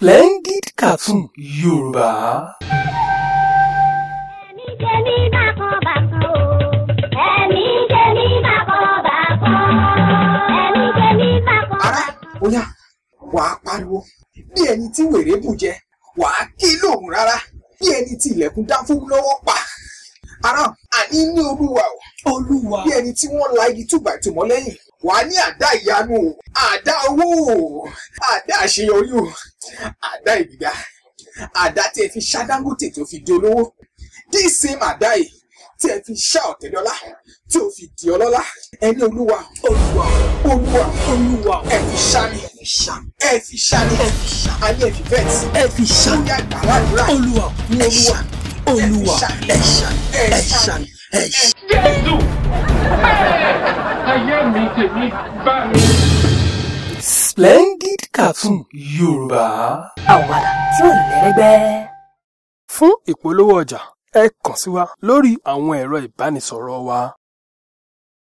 Splendid Cartoon Yorùbá. ẹ̀mí ṣe mí bákan-bákan o ẹ̀mí ṣe mí bákan-bákan ẹ̀mí ṣe mí bákan-bákan. ara oya wàá pariwo bí ẹni tí wèrè bù jẹ wàá kí lóhùn rárá bí ẹni tí ilẹ̀kùn dáfún lọ́wọ́ pa ara àní ní olúwa o olúwa bí ẹni tí wọ́n la igi túbàtù mọ́ lẹ́yìn wà á ní àdá ìyanu o àdá owó o àdá àṣeyọrí o àdá ìgbìgbà àdá tí ẹ fi ṣá Dangote tó fi di olówó this same àdá yìí tí ẹ fi ṣá Ọ̀tẹ́dọ́lá tí ó fi di ọlọ́lá ẹni olúwa olúwa olúwa olúwa ẹ fi ṣá mi ẹ fi ṣá mi ayé ẹ fi vet ẹ fi ṣá mi olúwa olúwa olúwa ẹ ṣá ẹ ṣá ẹ ṣá. Jésù ayé mi tèmi bá mi. Splendid. Kàtún Yorùbá. Àwàdà tí ò lẹ́lẹ́gbẹ́. Fún ìpolówó ọjà, ẹ kàn sí wa lórí àwọn ẹ̀rọ ìbánisọ̀rọ̀ wa.